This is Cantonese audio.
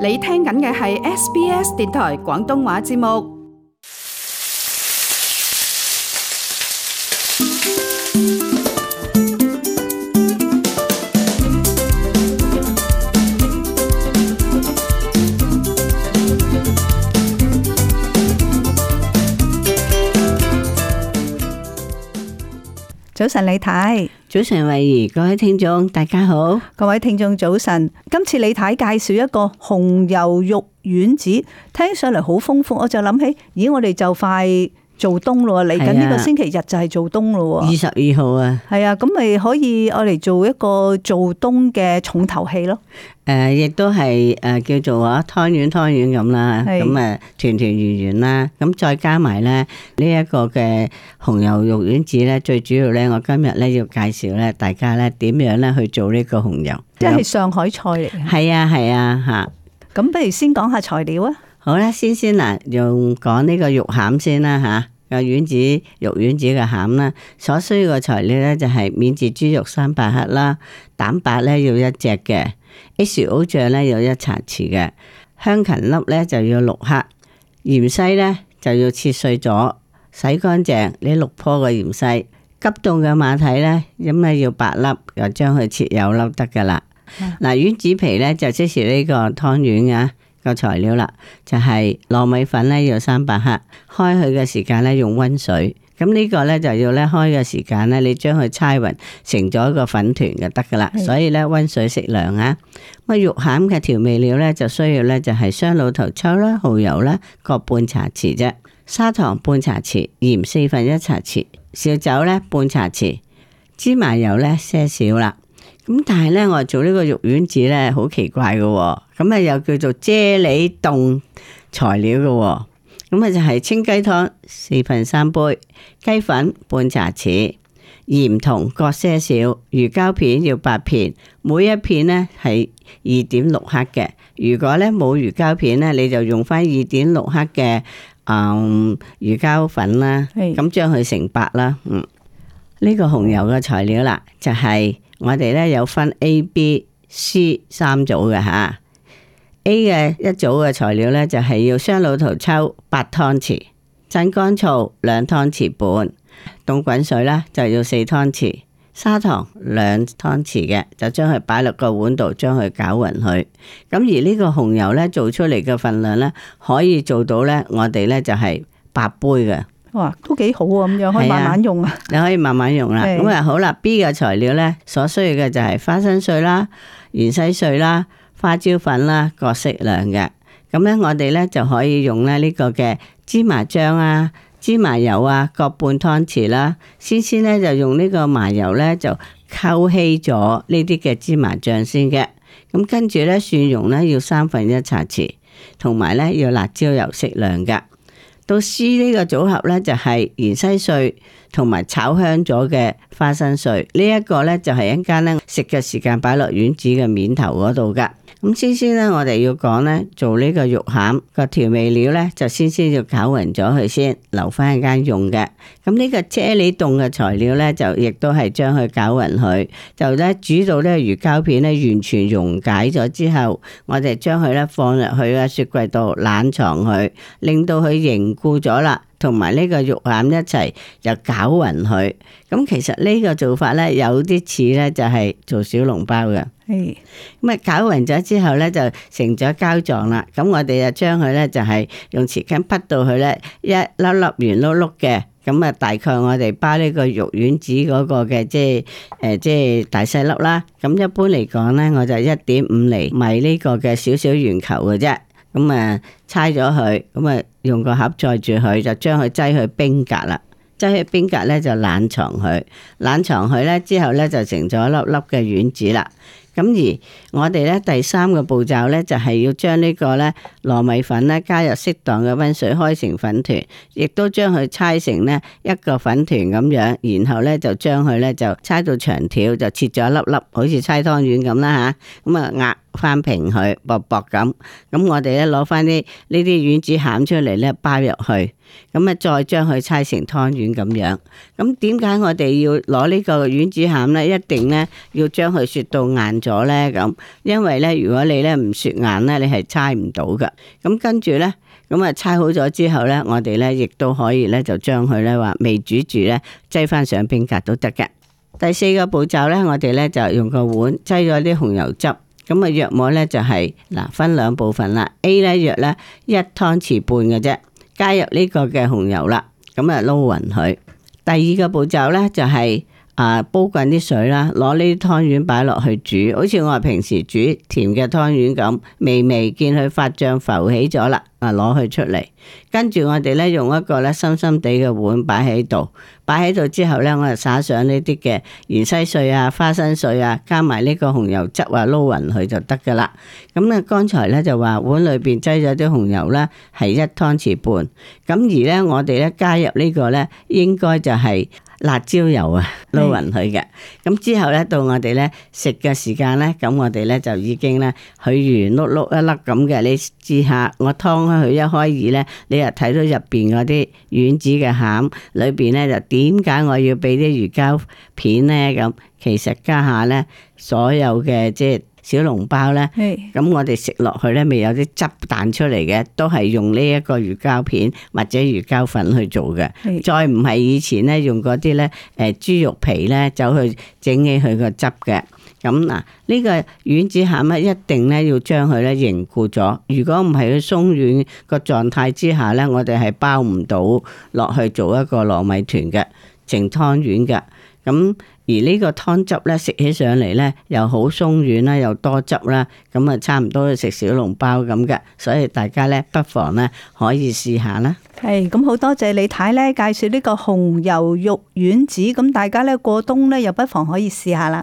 你聽緊嘅係 SBS 電台廣東話節目。早晨，李太，早晨，惠宜。各位聽眾，大家好，各位聽眾，早晨。今次李太介紹一個紅油肉丸子，聽起上嚟好豐富，我就諗起，咦，我哋就快做冬咯，嚟緊呢個星期日就係做冬咯，二十二號啊，係啊，咁咪可以我嚟做一個做冬嘅重頭戲咯。誒，亦都係誒叫做啊湯圓湯圓咁啦，咁啊團團圓圓啦，咁再加埋咧，呢一個嘅紅油肉丸子咧，最主要咧我今日咧要介紹咧大家咧點樣咧去做呢個紅油，即係上海菜嚟，係啊係啊吓。咁不如先講下材料啊。好啦，先先嗱，用講呢個肉餡先啦吓，個丸子肉丸子嘅餡啦，所需嘅材料咧就係、是、免治豬肉三百克啦，蛋白咧要一隻嘅，H O 醬咧要一茶匙嘅，香芹粒咧就要六克，芫茜咧就要切碎咗，洗乾淨呢六樖嘅芫茜，急凍嘅馬蹄咧咁啊要八粒，又將佢切幼粒得噶啦。嗱、嗯啊，丸子皮咧就即係呢個湯圓啊。個材料啦，就係糯米粉咧要三百克，開佢嘅時間咧用温水，咁呢個咧就要咧開嘅時間咧，你將佢拆匀成咗一個粉團就得噶啦，所以咧温水適量啊。咁啊肉餡嘅調味料咧就需要咧就係雙老頭抽啦，蚝油啦各半茶匙啫，砂糖半茶匙，鹽四分一茶匙，紹酒咧半茶匙，芝麻油咧些少啦。咁但係呢，我做呢個肉丸子呢，好奇怪嘅、哦，咁啊又叫做啫喱凍材料嘅、哦，咁、嗯、啊就係、是、清雞湯四份三杯，雞粉半茶匙，鹽同各些少，魚膠片要八片，每一片呢係二點六克嘅。如果呢冇魚膠片呢，你就用翻二點六克嘅，嗯魚膠粉啦，咁將佢成八啦。嗯，呢、這個紅油嘅材料啦，就係、是。我哋咧有分 A、B、C 三組嘅吓，A 嘅一組嘅材料咧就係要雙老頭抽八湯匙，鎮江醋兩湯匙半，凍滾水咧就要四湯匙，砂糖兩湯匙嘅就將佢擺落個碗度，將佢攪匀佢。咁而呢個紅油咧做出嚟嘅份量咧，可以做到咧，我哋咧就係八杯嘅。哇，都幾好啊！咁樣可以慢慢用啊，你可以慢慢用啦。咁啊的好啦，B 嘅材料咧，所需要嘅就係花生碎啦、芫茜碎啦、花椒粉啦，各適量嘅。咁咧，我哋咧就可以用咧呢個嘅芝麻醬啊、芝麻油啊，各半湯匙啦。先先咧就用呢個麻油咧就溝稀咗呢啲嘅芝麻醬先嘅。咁跟住咧蒜蓉咧要三分一茶匙，同埋咧要辣椒油適量嘅。老師呢個組合咧，就係袁西瑞。同埋炒香咗嘅花生碎，呢一個呢，就係一間呢食嘅時間擺落丸子嘅面頭嗰度噶。咁先先呢，我哋要講呢做呢個肉餡個調味料呢，就先先要攪勻咗佢先，留翻一間用嘅。咁呢個啫喱凍嘅材料呢，就亦都係將佢攪勻佢，就呢煮到呢魚膠片呢完全溶解咗之後，我哋將佢呢放入去啊雪櫃度冷藏佢，令到佢凝固咗啦。同埋呢個肉餡一齊就攪勻佢，咁其實呢個做法呢，有啲似呢就係做小籠包嘅。咁啊是，攪勻咗之後呢，就成咗膠狀啦。咁我哋就將佢呢，就係用匙羹剝到佢呢，一粒粒圓碌碌嘅。咁啊，大概我哋包呢個肉丸子嗰個嘅即係誒即係大細粒啦。咁一般嚟講呢，我就一點五厘米呢個嘅小小圓球嘅啫。咁啊，搓咗佢，咁啊、嗯，用個盒載住佢，就將佢擠去冰格啦。擠去冰格咧，就冷藏佢。冷藏佢咧，之後咧就成咗粒粒嘅丸子啦。咁、嗯、而我哋咧第三個步驟咧，就係、是、要將呢個咧糯米粉咧加入適當嘅溫水，開成粉團，亦都將佢搓成呢一個粉團咁樣，然後咧就將佢咧就搓到長條，就切咗粒粒，好似搓湯圓咁啦吓。咁、嗯、啊、嗯嗯，壓。翻平佢薄薄咁，咁我哋咧攞翻啲呢啲丸子餡出嚟咧，包入去，咁啊再將佢搓成湯圓咁樣。咁點解我哋要攞呢個丸子餡咧？一定咧要將佢雪到硬咗咧咁，因為咧如果你咧唔雪硬咧，你係搓唔到噶。咁跟住咧，咁啊搓好咗之後咧，我哋咧亦都可以咧就將佢咧話未煮住咧，擠翻上冰格都得嘅。第四個步驟咧，我哋咧就用個碗擠咗啲紅油汁。咁啊，那麼藥末呢就係、是、分兩部分啦。A 呢藥呢，一湯匙半嘅啫，加入呢個嘅紅油啦，咁啊撈匀佢。第二個步驟呢就係、是。啊，煲滾啲水啦，攞呢啲湯圓擺落去煮，好似我哋平時煮甜嘅湯圓咁，微微見佢發脹浮起咗啦，啊攞佢出嚟，跟住我哋咧用一個咧深深哋嘅碗擺喺度，擺喺度之後咧，我就撒上呢啲嘅芫茜碎啊、花生碎啊，加埋呢個紅油汁啊撈勻佢就得噶啦。咁啊，剛才咧就話碗裏邊擠咗啲紅油啦，係一湯匙半，咁、啊、而咧我哋咧加入呢個咧應該就係。辣椒油啊，撈勻佢嘅，咁的之後呢，到我哋呢食嘅時間呢，咁我哋呢就已經呢，佢圓碌碌一粒咁嘅，你試下我劏開佢一開二呢，你就睇到入邊嗰啲丸子嘅餡，裏邊呢，就點解我要俾啲魚膠片呢？咁其實家下呢，所有嘅即係。小籠包呢，咁是我哋食落去呢，未有啲汁彈出嚟嘅，都係用呢一個魚膠片或者魚膠粉去做嘅，是再唔係以前呢，用嗰啲呢誒豬肉皮呢，走去整起佢個汁嘅。咁嗱，呢個丸子餡呢一定呢，要將佢呢凝固咗，如果唔係佢鬆軟個狀態之下呢，我哋係包唔到落去做一個糯米團嘅，整湯圓嘅。咁而呢個湯汁咧，食起上嚟咧，又好鬆軟啦，又多汁啦，咁啊差唔多食小籠包咁嘅，所以大家咧不妨咧可以試下啦。係，咁好多謝李太咧介紹呢個紅油肉丸子，咁大家咧過冬咧又不妨可以試下啦。